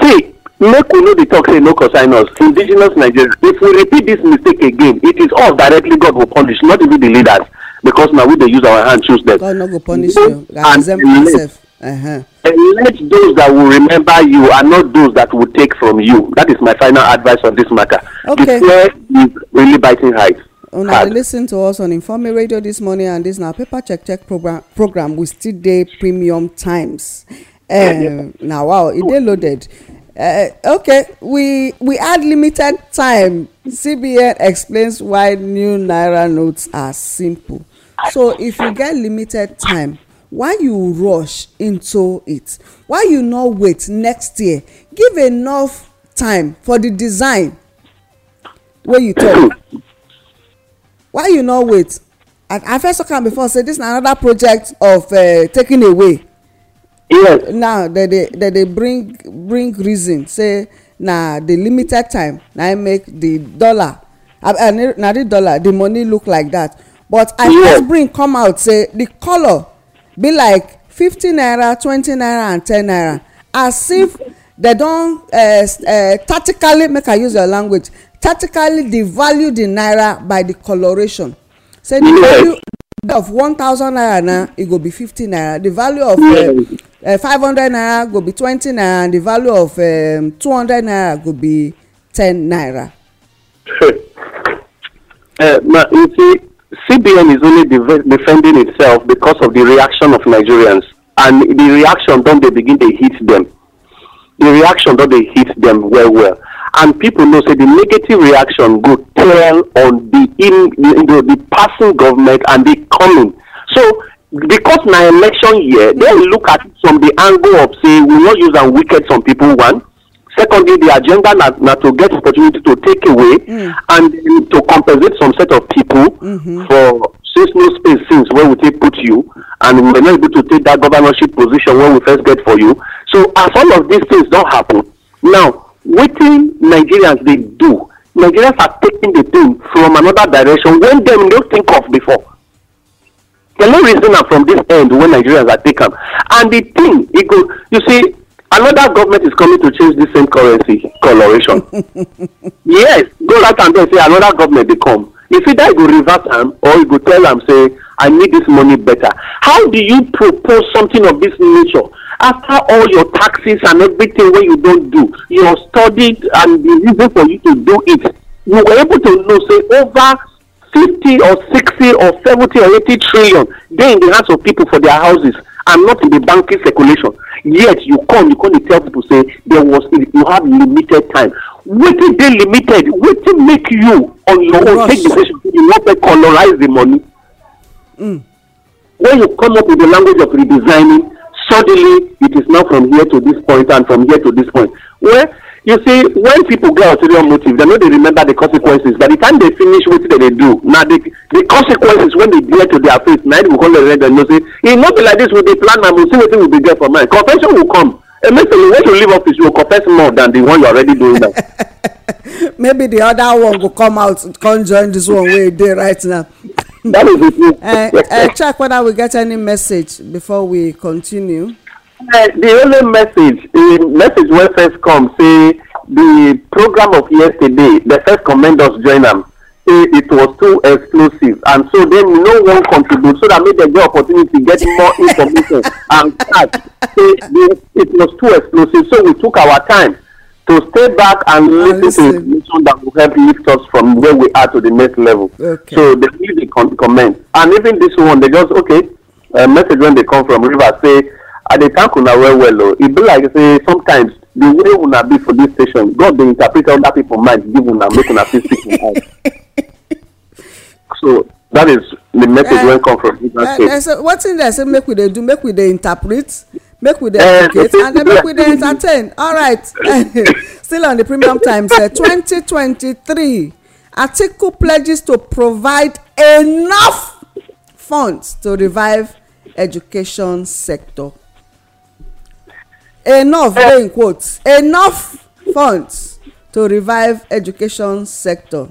see make we no dey talk say no concern us indigenous nigerians if we repeat this mistake again it is us directly god go punish not even the leaders because na we dey use our hand choose them. God no go punish you. And elect uh-huh. elect those that will remember you and not those that will take from you. That is my final advice on this matter. Okay. The is really biting high. una dey lis ten to us on informe radio this morning and this na paper check check program program we still dey premium times um, na wow e dey loaded uh, okay we we add limited time cbn explains why new naira notes are simple so if you get limited time why you rush into it why you no wait next year give enough time for the design wey you talk why you no wait i i first talk am before say this na another project of uh, taking away yes now they dey they dey bring bring reason say na the limited time na im make the dollar uh, na the dollar the money look like that but i just bring come out say the color be like fifty naira twenty naira and ten naira as if they don uh, eh, uh, eh, tactically make i use your language tactically devalue the naira by the coloration say the value of one thousand naira na e go be fifty naira the value of eh, five uh, hundred uh, naira go be twenty naira and the value of two um, hundred naira go be ten naira. ẹ ma you see. CBN is only de- defending itself because of the reaction of Nigerians, and the reaction don't they begin to hit them. The reaction don't they hit them well, well, and people know say the negative reaction go tell on the in the, the passing government and the coming. So because my election year, they look at it from the angle of say we not use and wicked some people want. Secondly, the agenda na, na to get opportunity to take away mm. and um, to compensate some set of people mm-hmm. for since no space since where we take put you and we were not able to take that governorship position when we first get for you. So as all of these things don happen, now wetin Nigerians dey do, Nigerians are taking the thing from another direction when dem no think of before. Dem no reason am from this end when Nigerians are take am and the thing e go you see another government is coming to change the same currency coloration yes go right and then say another government dey come if he you go reverse am or you go tell am say i need this money better how do you propose something of this nature after all your taxes and everything wey you don do your study and the reason for you to do it you were able to know say over fifty or sixty or seventy or eighty trillion dey in the hands of people for their houses I'm not in the banking circulation. Yet you come, you come to tell people say there was you have limited time. Wetin dey limited? Wetin make you on your own take decision you no fit colorize the money? Mm. When you come up with the language of redesigning, suddenly it is now from here to this point and from here to this point. Well, you see when people get ulterior motive they no dey remember the consequences by the time they finish wetin dem dey do na the the consequences wey dey there to their face na it go come let them know say e no be like this we dey plan am we see wetin we dey get for mind confession will come emefiele when you leave office you go confess more than the one you already doing now. maybe the other one go come out come join this one wey e dey right now. that is the truth. uh, uh, check whether we get any message before we continue. Eh, the only message the message wey first come say the program of yesterday the first commend us join am say it was too explosive, and so dem no wan contribute so that make dem get opportunity get more information and start say the, it was too explosive, so we took our time to stay back and oh, listen, listen to information that will help lift us from where we are to the next level okay. so dem leave the comment and even this one they just okay uh, message wey dey come from River say i dey thank una well well o oh. e be like say sometimes the way una be for this station god dey interpret other people mind give una make una fit speak im mind so that is the message wey come from different eh, states. Uh, eh, thing dem say make we dey do make we dey interpret make we dey eh, educate and then make we dey entertain all right still on the premium times Twenty twenty three. atiku pledges to provide enough funds to revive education sector enough dey eh. in quotes enough funds to revive education sector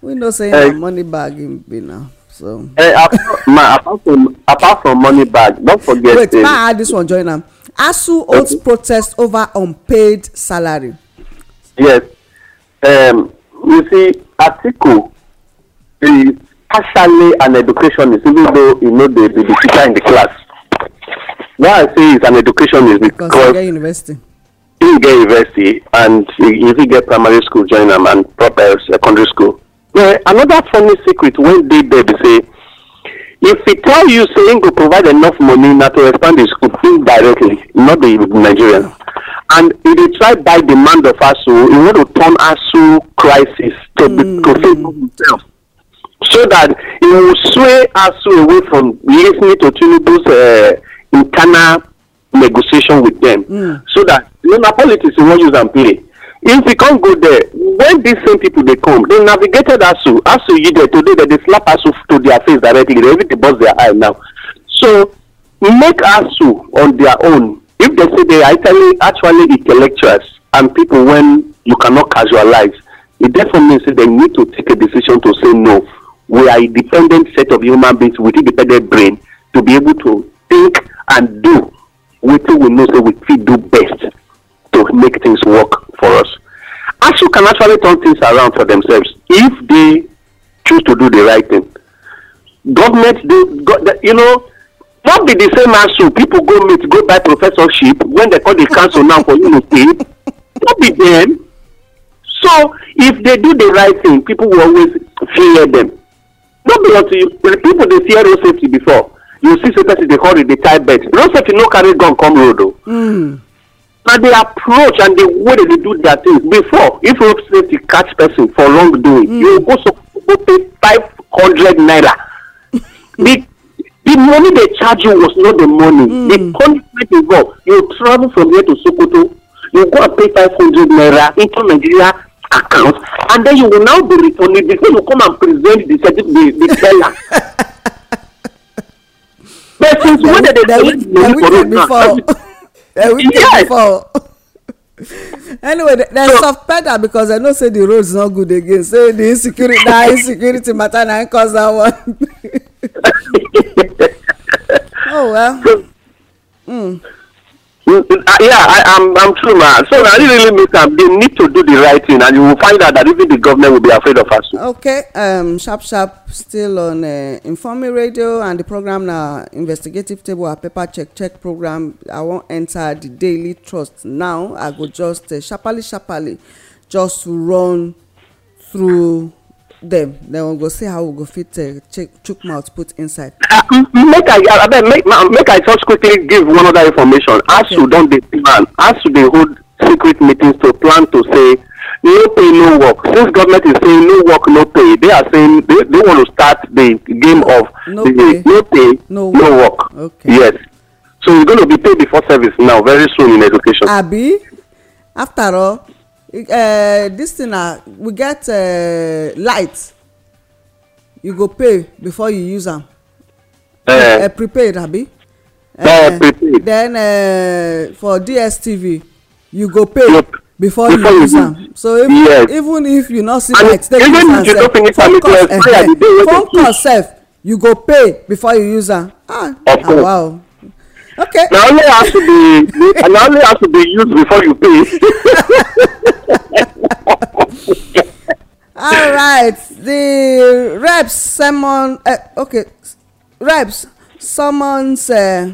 we know say eh. na money bag im be now so. Eh, apart from apart from money bag don't forget. wait may i add this one join am asu holds protest over unpaid salary. yes um, you see atiku is partially an educationist even though e no dey be the teacher in the class why I say it's an education is because he get university. He get university and he, he get primary school join am um, and proper uh, secondary school. Yeah, another funny secret wey dey there be say if he tell you say he go provide enough money na to expand the school him directly not the nigerian and he dey try buy demand of asu he want to turn asu crisis to mm. to favour himself so that he will sway asu away from lis ten ing to tinubu's. Uh, internal negotiation with them mm. so that you know, politics you wan use am play if we can't go there when these same people they come they navigated asu asu yi there today they slap asu to their face directly they even dey their eye now so make asu on their own if they say they are actually actually intellectuals and people when you cannot casualize it definitely means say they need to take a decision to say no we are a dependent set of human beings with independent brain to be able to think and do wetin we know say we fit do best to make things work for us asu can actually turn things around for themselves if they choose to do the right thing government dey go, you know no be the same asu people go meet go buy professorship when they call the council now for imo state no be them so if they do the right thing people will always fear them no be until people dey fear road safety before you see say person dey hurry dey tie belt roseki no carry gun come road o. Oh. Hmm. na the approach and the way they dey do their things before if you road to catch person for wrongdoing mm. you go so pay five hundred naira. the the money they charge you was not the money. Mm. the punishment involved you travel from here to sokoto you go and pay five hundred naira into nigeria account and then you will now be returning before you come and present the certificate the, the teller but since when did they do corona dem we take before anyway dem soft pedal because dem know say the roads no good again say the insecurity na insecurity matter na cause that one oh well. Mm. Uh, yeah, I, am I'm, I'm true, man. So I really mean that they need to do the right thing, and you will find out that even the government will be afraid of us. Okay, um, sharp, sharp, still on uh, Informing Radio, and the program now investigative table, a paper check check program. I won't enter the daily trust now. I go just uh, sharply, sharply, just run through Them then we go see how we go fit uh, chook mouth put inside uh, make i make make i just quickly give one other information asu don dey plan asu dey hold secret meetings to plan to say no pay no work since government is saying no work no pay they are saying they they want to start the game of no the, pay no pay no work, no work. Okay. yes so you're going to be paid before service now very soon in education abi after all uh, this thing na we get uh, light you go pay before you use am. Uh, uh, prepaid abi. Uh, yeah, then uh, for dstv you go pay yep. before, before you use am so even, yes. even if you no see light take use am sef phone call sef phone call sef you go pay before you use am ah ah wow okay. na only has to be na only has to be used before you pay. all right the reps summon uh, okay reps summons uh,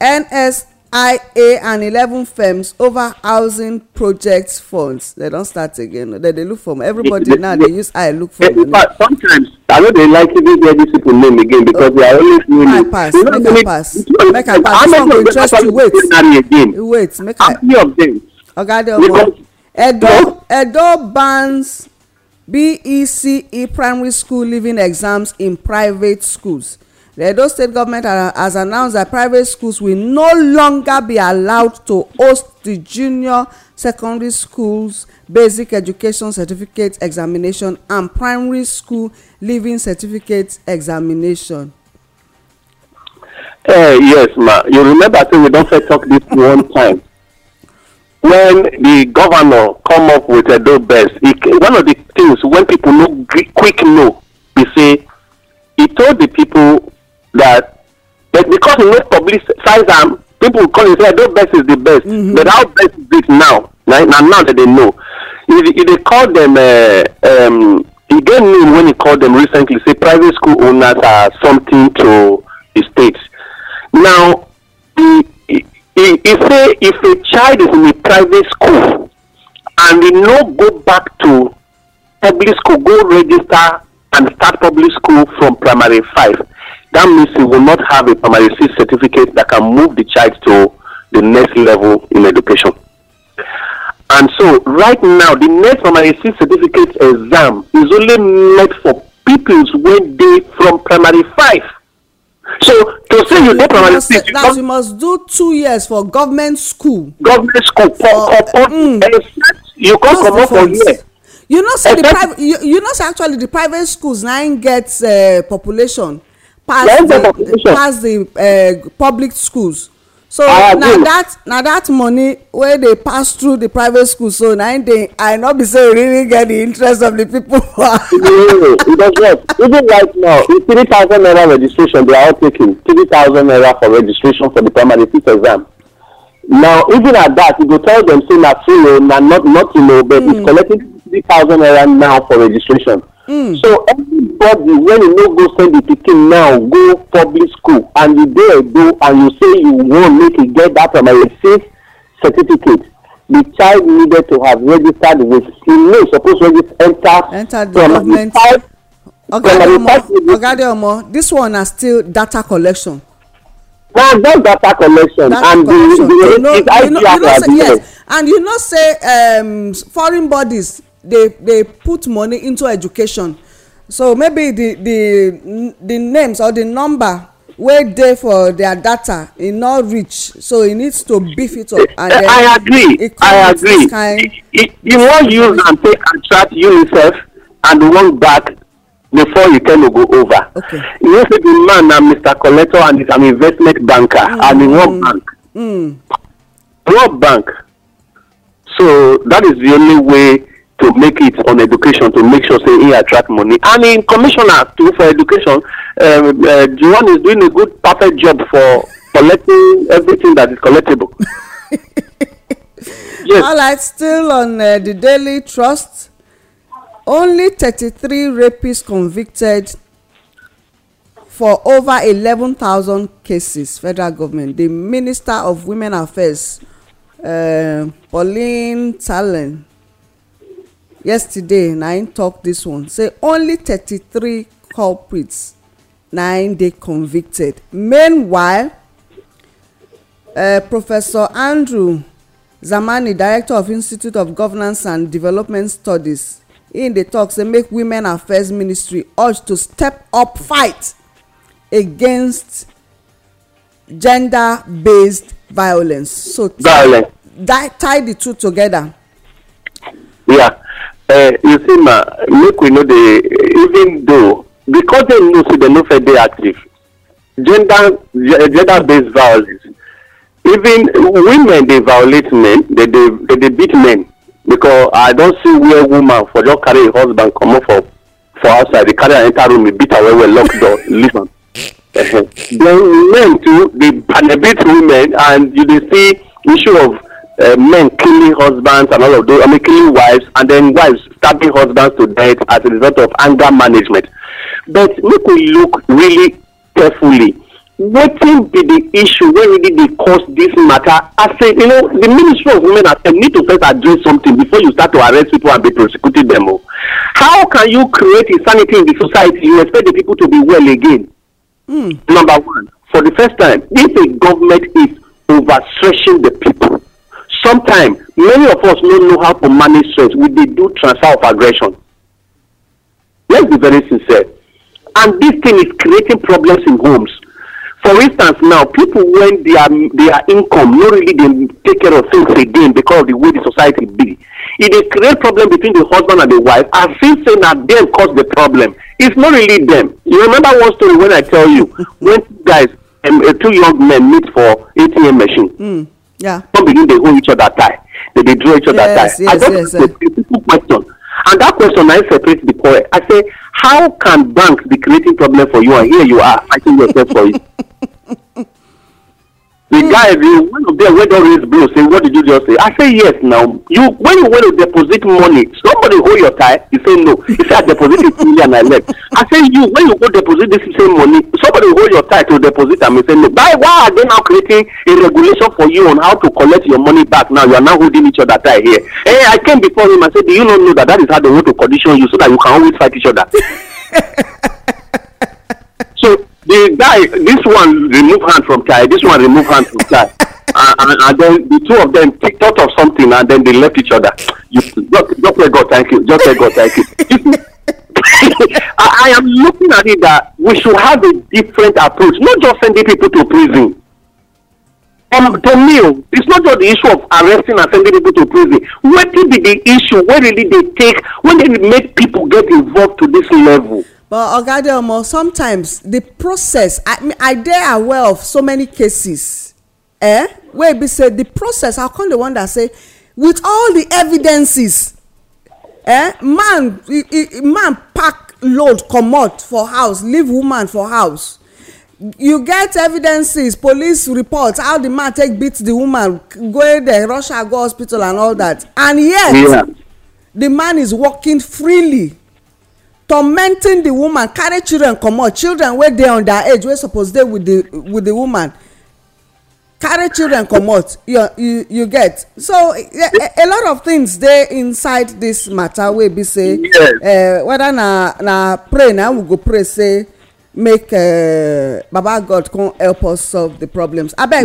nsia and eleven firms over housing project funds they don start again they dey look for everybody now dey use eye look for money. sometimes i no dey like even hear these people name again because okay. they are always new new. pass you know, make i pass make i pass this one go interest you wait wait make i. how many of them. oga de omo edo edo bans. BECE e primary school leaving exams in private schools. The Edo State government has announced that private schools will no longer be allowed to host the junior secondary schools basic education certificate examination and primary school leaving certificate examination. Uh, yes ma you remember say we don first talk this one time when the governor come up with edo best he, one of the things when people no quick know be say he told the people that but because he no publicize am people call him say edo best is the best mm -hmm. but how best is it now na na now that they know he he dey call them uh, um, he get name when he call them recently say private school owners are something to the state now the he, he say if a child is in a private school and he no go back to public school go register and start public school from primary five that means he will not have a primary six certificate that can move the child to the next level in education and so right now the next primary six certificate exam is only meant for pupils when they from primary five so to say you dey primarily that you must do two years for government school government school for compulsory mm. except you come comot for here you know say the private you you know say actually the private schools na im get uh, population pass the pass the uh, public schools so na that na that money wey dey pass through the private school so na im dey i no be say really get the interest of the people. no e does not even right now three thousand naira registration they are all taking three thousand naira for registration for the primary six exam now even at that you go tell them say na free o na not nothing o but mm. it's hmm. collecting three thousand naira now for registration Mm. so everybody when you no go send the pikin now go public school and you dey go and you say you wan make you get that primary six certificate the child needed to have registered with he no suppose register enter, enter the five primary five ogade omo this one na still data collection. na just data collection data and collection. the the you know, is you know, you know, yes and you know say um, foreign bodies They they put money into education so maybe the the the names or the number wey dey for their data e no reach so e needs to beef it up and then i agree i agree kind you wan use am take attract unicef and work back before you tell go over you know say the man na mr collector and is an investment banker and e work mm. bank mm. work bank so that is the only way to make it on education to make sure say he attract money and in commissioner too for education um, uh, Juwan is doing a good perfect job for collecting everything that is collectible. yes. all right still on uh, the daily trust only thirty-three rapists convicted for over eleven thousand cases federal government the minister of women affairs uh, pauline talen yesterday na im tok dis one say only thirty-three culprits na im dey convicted meanwhile eh, professor andrew zamani director of institute of governance and development studies im dey tok say make women affairs ministry urge to step up fight against gender based violence so violence tie the two together. yeah uh, you see ma make we no dey even though because dem know say dem no fit dey active gender gender based violence even women dey violate men dey dey dey dey beat men because i don see where woman for just carry her husband comot for for outside dey carry her enter room dey beat her well well lock door leave am then men too dey beat women and you dey see issue of uh, men killing husbands and all of those, I mean, killing wives, and then wives stabbing husbands to death as a result of anger management. But make we look really carefully. What Wetin be the issue wey really dey cause this matter? I say, you know, the Ministry of Women and Sef need to first address something before you start to arrest people and be prosecuting them o. Oh. How can you create insanity in the society you expect the people to be well again? Mm. Number one, for the first time, if a government is overstretching the people sometimes many of us no know how to manage stress we dey do transfer of aggression let's be very sincere and this thing is creating problems in homes for instance now people when their their income no really dey take care of things again because of the way the society be e dey create problem between the husband and the wife as if say na them cause the problem it's not really them. you remember one story when i tell you when two guys um, uh, two young men meet for atm machine. Mm. Yeah. Some begin they hold each other tight. They, they draw each other yes, tie. Yes, I got yes, a critical question. And that question I separate the point. I say, how can banks be creating problem for you and here you are fighting yourself for it? The mm. guy, the one of them went on his bill, say, what did you just say? I say, yes, now. You, when you went to deposit money, somebody hold your tie. He say, no. He said, I deposited two million, I left. I say, you, when you go deposit this same money, somebody hold your tie to deposit and say, no. Why, why are they now creating a regulation for you on how to collect your money back now? You are now holding each other tie here. Hey, eh, I came before him and said, do you not know that that is how they want to condition you so that you can always fight each other? the guy, this one remove hand from tie. this one remove hand from tie, and, and, then the two of them take out of something and then they left each other. You, just, just let God thank you. Just let God thank you. I, I am looking at it that we should have a different approach, not just sending people to prison. Um, to me, oh, it's not just the issue of arresting and sending people to prison. What did be the issue? Where really they take when they make people get involved to this level? but oga adeomo sometimes the process i mean i dey aware of so many cases eh wey be say the process i come dey wonder say with all the evidences eh man he, he, man pack load comot for house leave woman for house you get evidences police report how the man take beat the woman go there rush her go hospital and all that and yet yeah. the man is working freely tormenting the woman carry children comot children wey dey under age wey suppose dey with the with the woman carry children comot you you you get so eh, eh, a lot of things dey inside this matter wey be say eh, whether na na pray na we go pray say make baba god come help us solve the problems abeg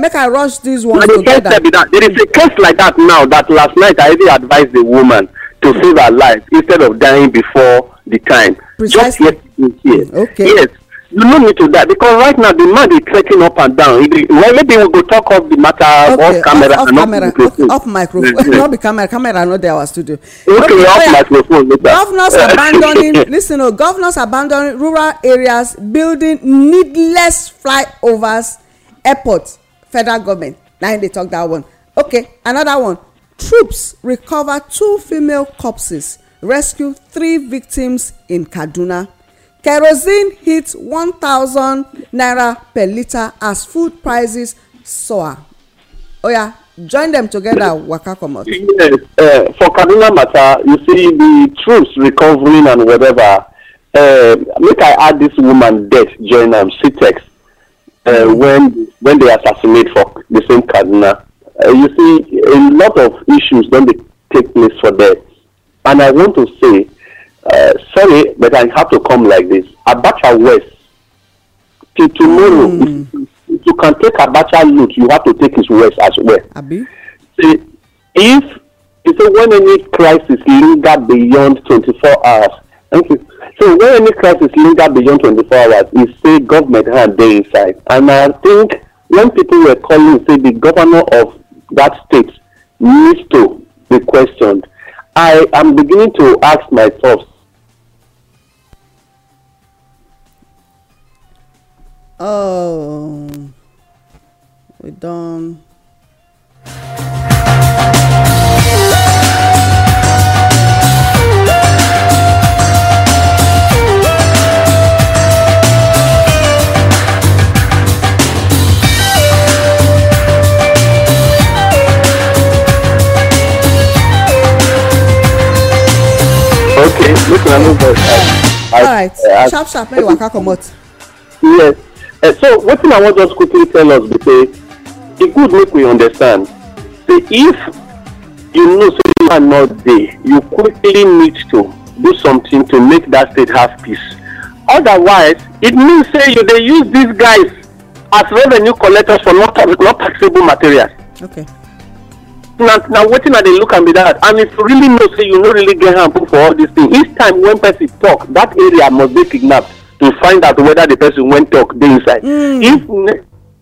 make i rush dis one together. na di first step be that there is a case like that now that last night i even advise the woman to save her life instead of dying before the time. Precisely. Just yesterday here. Okay. Yes. you No need to that because right now the man is trekking up and down. well, maybe we go talk off the matter okay, off camera off, off camera, off Off, microphone, mm-hmm. not the camera. Camera not there our studio. Okay, okay off yeah. microphone Governors abandoning. listen, oh, governors abandoning rural areas, building needless flyovers, airports. Federal government. Now they talk that one. Okay, another one troops recover two female corpses rescue three victims in kaduna kerosene hit one thousand naira per litre as food prices soar oya join them together waka comot. yes uh, for kaduna matter you see the troops recovering and whatever uh, make i add this woman death join am um, uh, when when they assassinate for the same kaduna Uh, you see, a lot of issues don't take place for that. And I want to say, uh, sorry, but I have to come like this. Abacha West, To tomorrow, mm. if, you can take Abacha look, you have to take his West as well. See, if you say when any crisis linger beyond 24 hours, thank you. So when any crisis linger beyond 24 hours, you say government hand day inside. And I think when people were calling, say the governor of that state needs to be questioned. I am beginning to ask myself. Oh, we done. okay make una no vex all right sharp sharp make you waka comot. yes uh, so wetin i wan just quickly tell us be say e good make we understand say if you know say man no dey you quickly need to do something to make that state have peace otherwise it mean say you dey use these guys as revenue collectors for not not taxable materials. okay na na wetin i dey look am be that and if you really know say you no really get hand put for all dis thing each time when person talk that area must dey kidnapped to find out whether the person wen talk dey inside mm. if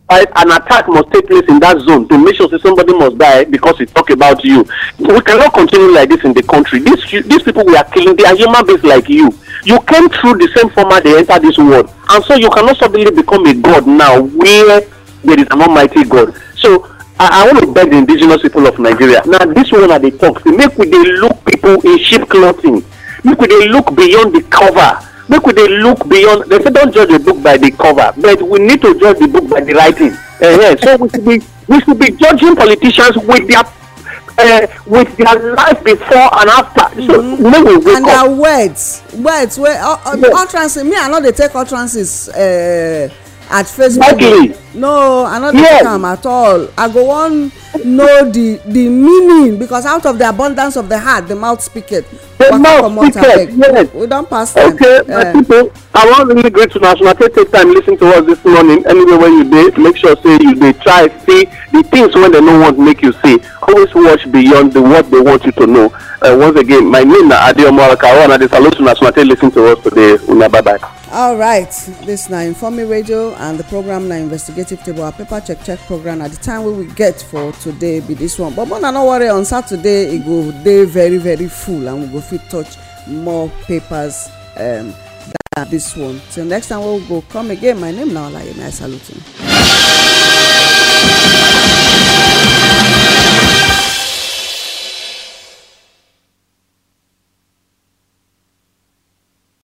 uh, an attack must take place in that zone to make sure say somebody must die because he talk about you we cannot continue like this in the country these these people we are killing they are human beings like you you came through the same format they enter this world and so you cannot suddenly become a god now where there is an almighty god so I, I want to beg the indigenous people of Nigeria. Now, this one are the talks. Make we they look people in sheep clothing. Make we they look beyond the cover. Make we they look beyond. They say don't judge a book by the cover, but we need to judge the book by the writing. Uh, yeah. So we should be we should be judging politicians with their uh, with their life before and after. So mm -hmm. make we wake and up. their words, words. Where uh, uh, yes. utterances. Me, I know they take utterances. Uh, at facebook no i no dey do am at all i go wan know the the meaning because out of the abundance of the heart the mouth speaketh the mouth speaketh yes we don pass time okay my eh. people i wan really grateful as una take take time lis ten to us this morning anywhere where you dey make sure say you dey try see the things wey dem no want make you see always watch beyond the what they want you to know uh, once again my name na adeomo arakawa and i dey salute una as una take lis ten to us today una bye bye all right this na informing radio and the program now investigative table our paper check check program at the time we will get for today be this one but mona no worry on saturday it e go dey very very full and we go fit touch more papers um, than this one till next time we we'll go come again my name now olayemi i salute you.